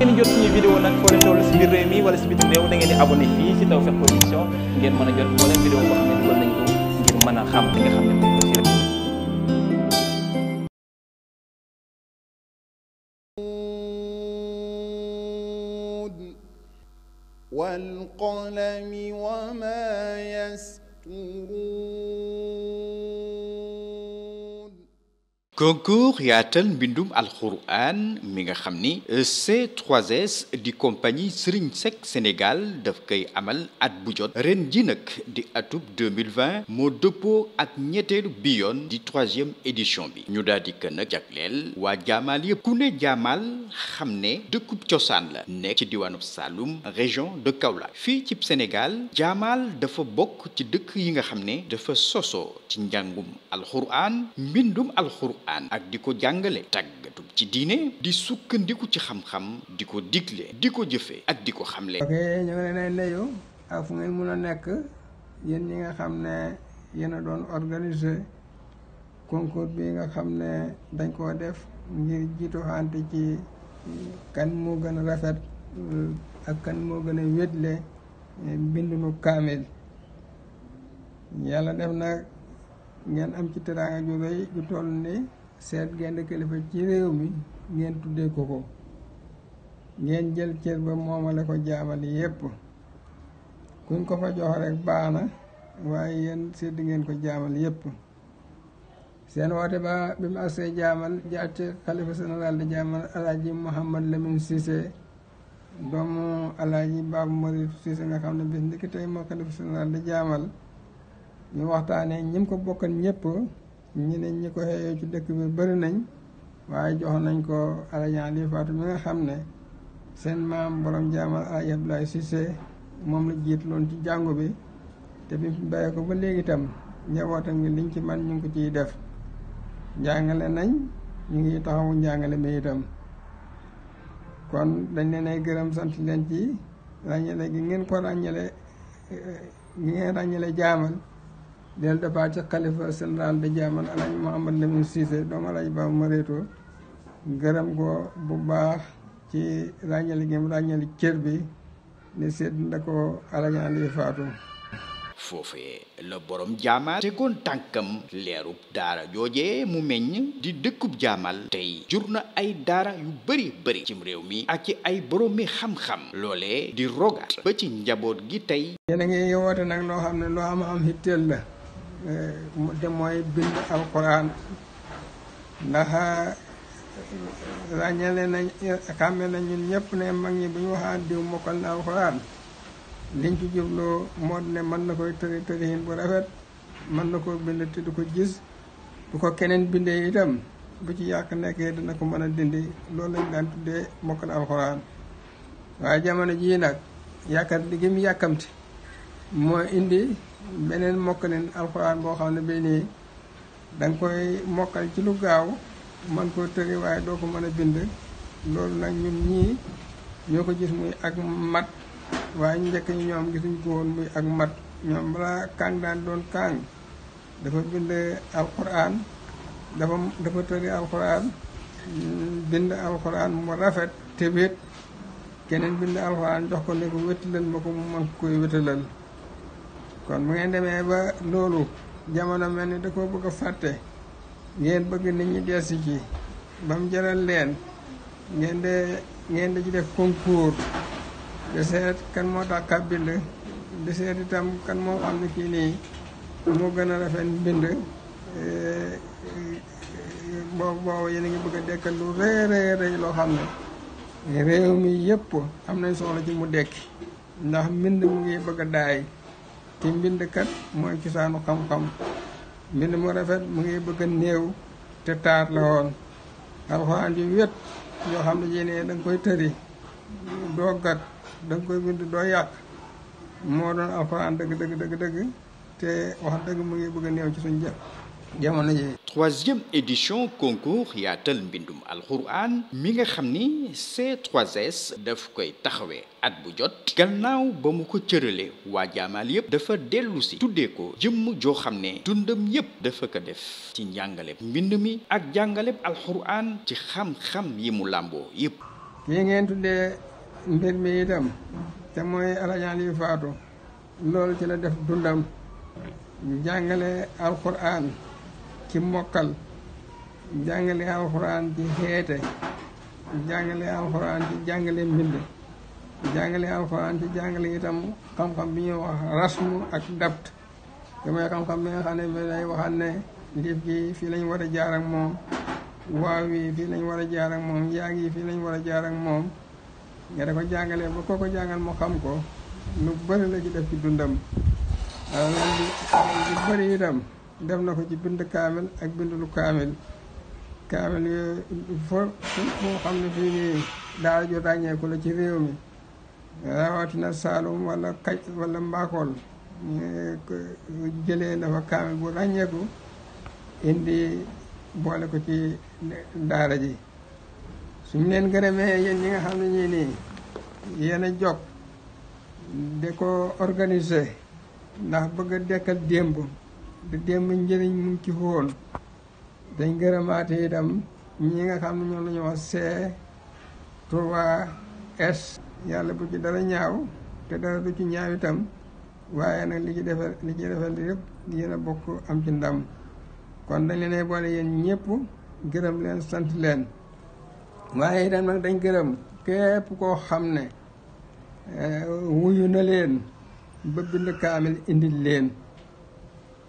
ngeen jot suñu vidéo nag foo leen toll si biir réew mi wala si bitim réew da ngeen di abonné fii si Tawfekh Production ngeen mën a jot moo leen vidéo boo xam ne dugal nañ xam li nga xam ne والقلم وما يسطرون concours yaatal mbindum alxuraan mi nga xam ni euh, c 3 di compagnie Serigne Seck Sénégal daf koy amal at bu jot ren ji nag di atub 2020 moo dëppoo ak ñetteelu bi yoon di troisième édition bi ñu daal di ko nag jagleel waa jaamaal yëpp ku ne jaamaal xam ne dëkkub cosaan la nekk ci diwaanub Saloum région de Kaolack fii ci Sénégal jaamaal dafa bokk ci dëkk yi nga xam ne dafa sosoo ci njàngum alxuraan mbindum alxuraan alquran ak di ko jàngale tàggatu ci diine di sukkandiku ci xam-xam di ko digle di ko jëfee ak di ko xamle. ok ñu ngi leen nuyu ak fu ngeen mun a nekk yéen ñi nga xam ne yéen a doon organise concours bi nga xam ne dañ koo def ngir jiitu xante ci kan moo gën a rafet ak kan moo gën a wétle eh, mbindunu kaamil yàlla def nag ngeen am ci teraanga ju rëy ju toll ni seet genn kilifa ci réew mi ngeen tuddee ko ko ngeen jël cër ba moomale ko jaamali yépp kuñ ko fa jox rek baax na waaye yéen sedd ngeen ko jaamal yépp seen woote ba bi mu agsee jaamal jaat ci xalifa général de jaamal alaaji Mouhamad Lamine Cissé doomu alaaji Babu Morit Cissé nga xam ne bis ndiki tey moo xalifa général de jaamal ñu waxtaanee ñim ko bokkan ñépp ñeneen ñi ko xeeyoo ci dëkk bi bari nañ waaye jox nañ ko alajan li faatu mi nga xam ne seen maam borom jaamal alaji Abdoulaye Cissé moom la jiit loon ci jàngu bi te bi mu bàyyi ko ba léegi itam njabootam ngi liñ ci man ñu ngi ko ciy def njàngale nañ ñu ngi taxawu njàngale mi itam kon dañ leen ay gërëm sant leen ci ràññale gi ngeen ko ràññale eh, gi ngeen jaamal del da ba ca xalifa général de jaaman alaaj Mouhamad Lamine Cissé doomu alaaj ba ma réetoo gërëm ko bu baax ci ràññali gi mu cër bi ni seet nda ko alaajaan di faatu foofee la borom jaamaal tegoon tànkam leerub daara jooje mu meññ di dëkkub jaamal tey jur na ay daara yu bari bari cim réew mi ak ci ay borom mi xam-xam loolee di rogaat ba ci njaboot gi tey yéen a ngi woote nag loo ne loo am am hitteel la de mooy bind alquran ndax ràññale nañ xàmme nañ ñun ñëpp ne mag ñi bu ñu waxaan diw mokkal na alquran liñ ci jubloo moo ne mën na koy tëri tërihin bu rafet mën na koo bind te du ko gis bu ko keneen bindee itam bu ci yàq nekkee dana ko mën a dindi loolu lañ daan tuddee mokkal alquran waaye jamono jii nag yàkkat di mu yàkkamti moo indi beneen mokkalin alxuraan boo xam ne bii nii da nga koy mokkal ci lu gaaw man koo tëri waaye doo ko mën a bind loolu nag ñun ñii ñoo ko gis muy ak mat waaye njëkk ñi ñoom gisuñ ko woon muy ak mat ñoom balaa kàng daan doon kàng dafa bind alxuraan dafa dafa tëri alxuraan bind alxuraan mu rafet te wét keneen bind alxuraan jox ko ne ko wétalal ma ko mu man koy wétalal kon bu ngeen demee ba loolu jamono mel ni da koo bëgg a fàtte ngeen bëgg ni ñu delsi ci ba mu jaral leen ngeen de ngeen di ci def concours di kan moo tax ka bind itam kan moo xam ne kii nii moo gën a rafet mbind eh, boobu boobu yéen a ngi bëgg a dekkal lu rëy rëy loo xam ne réew mi yëpp am nañ soxla ci mu dekki ndax mbind mu ngi bëgg a daay ki mbindkat mooy cosaanu xam-xam mbind mu rafet mu ngi bëgg a néew te taar la woon alxuraan yu wet yoo xam ne jine da nga koy tëri doo gat da koy bind doo yàq moo doon alxuraan dëgg dëgg dëgg dëgg te wax dëgg mu ngi bëgg a néew ci suñ jëf jamono ji troisième édition concours yaatal mbindum alxuraan mi nga xam ni C3S daf koy taxawee at bu jot gannaaw ba mu ko cërale waa jaamaal yépp dafa dellu si tuddee ko jëmm joo xam ne dundam yépp dafa ko def ci njàngaleb mbind mi ak jàngaleb alxuraan ci xam-xam yi mu làmboo yépp yi ngeen tuddee mbir mi itam te mooy alajaan yi faatu loolu ci la def dundam jàngale alxuraan ci mokkal jàngale alxuraan ci xeete jàngale alxuraan ci jàngale mbind jàngale alxuraan ci jàngale itam xam-xam bi ñuy wax rasmu ak dabt te mooy xam-xam bi nga xam ne bi day waxaat ne ndif gi fii lañ war a jaar ak moom waaw fii lañ war a jaar moom yaag yi fii lañ war a jaar moom nga da ko jàngale ba koo jàngal mu xam ko lu bëri la ci def ci dundam loolu lu bëri itam def na ko ci bind kaamel ak bind lu kaamel kaamel yooyu fo foo xam ne fii nii daara ju ràññeeku la ci réew mi rawatina Saalum wala Kaj wala Mbaakool jëlee na fa kaamel bu ràññeeku indi boole ko ci daara ji suñ leen gërëmee yéen ñi nga xam ne ñii nii yéen a jog de ko organise ndax bëgg a dekkal démb du démb njëriñ mu ngi ci woon dañ gërëmaate dam ñi nga xam ne ñoom la wax C trois S yàlla bu ci dara ñaaw te dara du ci ñaaw itam waaye nag li ci defal li ci defal di yëpp yéen a bokk am ci ndam kon dañ leen ay boole yéen ñëpp gërëm leen sant leen waaye itam nag dañ gërëm képp koo xam ne eh, wuyu na leen ba bind kaamil indi leen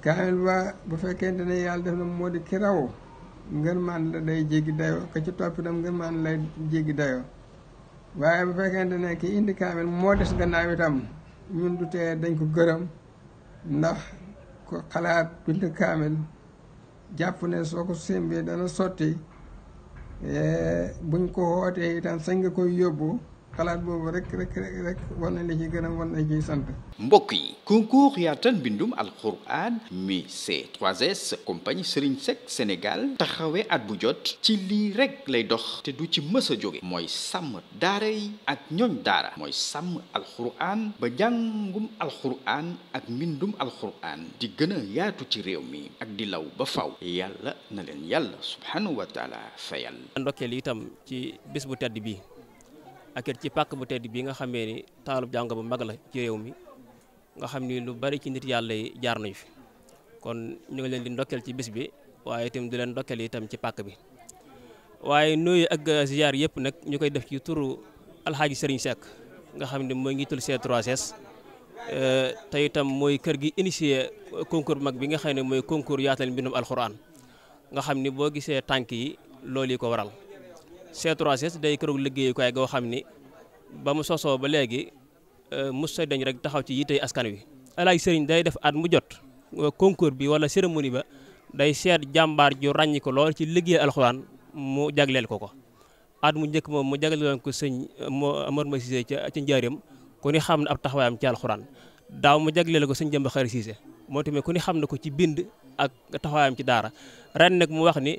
kaamil ba bu fekkente ne yàlla def na moo di ki raw ngën la day jéggi dayoo ka ci topp itam ngën maan lay jéggi dayoo waaye bu fekkente ne ki indi kaamil moo des gannaaw itam ñun du tee dañ ko gërëm ndax ku xalaat bind kaamil jàpp ne soo ko sémbee dana sotti eh, buñ ko wootee itam sañ nga koy yóbbu xalaat boobu rek rek rek war nañ la gën a war nañ ciy sant. mbokk yi concours yaatal mbindum alxuraan mi C3S compagnie Serigne Seck Sénégal at bu jot ci lii rek lay dox te du ci mës a jóge mooy sàmm daara ak ñooñ mooy sàmm alxuraan ba jàngum alxuraan ak mbindum alxuraan di gën a yaatu ci réew mi ak di law ba faw yàlla na leen yàlla subhanahu wa taala fayal. ndokkeel itam ci bés bu tedd bi ak it ci pàkk bu tedd bi nga xamee ni taalub jàngo bu mag la ci réew mi nga xam ni lu bari ci nit yàlla yi jaar nañu fi kon ñu ngi leen di ndokkeel ci bis bi waaye itam di leen ndokkeel itam ci pàkk bi waaye nuyu ak ziar yëpp nag ñu koy def ci turu alxaaji Serigne Seck nga xam ne mooy njiitul C3S te itam mooy kër gi initié concours mag bi nga xam ne mooy concours yaatal mbindum alxuraan nga xam ni boo gisee tànk yi loolu yi ko waral C3S day këru liggéeyukaay goo xam ni ba mu sosoo ba léegi euh, musa dañ rek taxaw ci yitey askan wi. alaaj sëriñ day def at mu jot euh, concours bi wala cérémonie ba day seet jàmbaar ju ràññi ko lool ci liggéey alxuraan mu jagleel ko ko. at mu njëkk moom mu jagleeloon ko sëñ euh, moo Amar Ma Cissé ca ca Njaareem ku xam ne ab taxawaayam ci alxuraan daaw mu jagleel ko sëñ Jëmba Xari Cissé moo tamit ku ni xam ne ko ci bind ak taxawaayam ci daara ren nag mu wax ni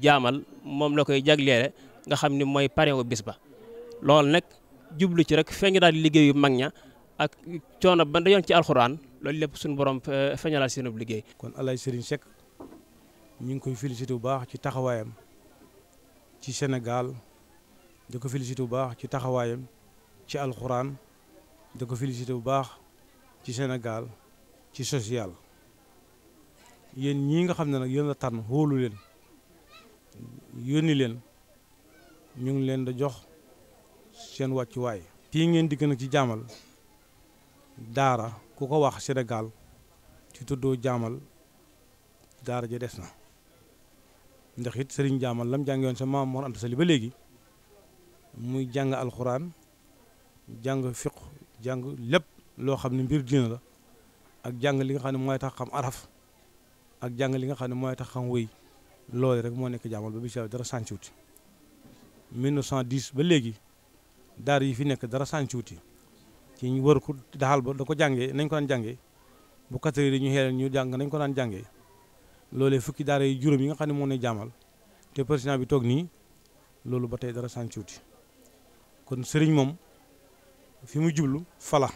jaamal moom la koy jagleele. nga xam ni mooy pare bis ba loolu nag jublu ci rek feeñu daal liggéeyu mag ña ak coono ba dayoon ci alxuraan loolu lépp suñ borom eh, feeñalaat seenub liggéey. kon El Hadj Serigne Seck ñu ngi koy félicité bu baax ci taxawaayam ci Sénégal di ko félicité bu baax ci taxawaayam ci alxuraan di ko félicité bu baax ci Sénégal ci social yéen ñii nga xam ne nag yéen la tànn wóolu leen yónni leen. ñu ngi leen da jox seen wàccuwaay. fii ngeen dikk nag ci jaamal daara ku ko wax senegal ci tuddoo jaamal daara ja des na ndax it sëriñ jaamal lam jàngewoon sa maam Mor Anta ba léegi muy jàng alxuraan jàng fiq jàng lépp loo xam ne mbir diina la ak jàng li nga xam ne mooy tax xam araf ak jàng li nga xam ne mooy tax xam wéy loolu rek moo nekk jaamal ba bi dara sàncuwut 1910 ba léegi daar yi fi nekk dara sàncuuti ci ñu war ko daxal ba da ko jàngee nañ ko daan jàngee bu quatre heures ñu ñu jàng nañ ko daan jàngee loolee fukki daara yi juróom yi nga xam ne moo ne jaamal te président bi toog nii loolu ba tey dara sàncuuti kon sëriñ moom fi mu jublu fala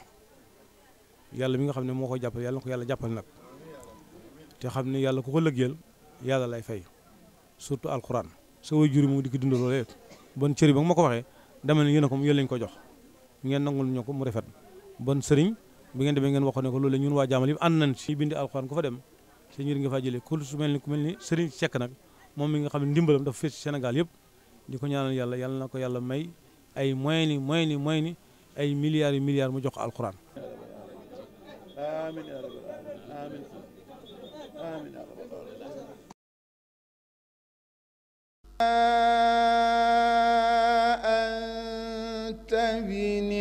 yàlla mi nga xam ne moo ko jàppale yàlla na ko yàlla jàppale nag te xam ne yàlla ku ko lëggeel yàlla lay fay surtout alxuraan sa way juri moom di ko dund loolee bon cëri ba nga ma ko waxee dama ne yéen a ko yéen lañ ko jox ngeen nangul ñoo ko mu rafet bon sëriñ bu ngeen demee ngeen waxoon ne ko loolu la ñun waa jaamal yi ànd nañ ci bindi alxuraan ko fa dem sëñ ni ku mel ni sëriñ nag moom mi nga xam ne ndimbalam dafa fees ci Sénégal yëpp di ko ñaanal yàlla yàlla na ko yàlla may ay moyen ni moyen ni ni ay milliar yu milliards mu jox ko alxuraan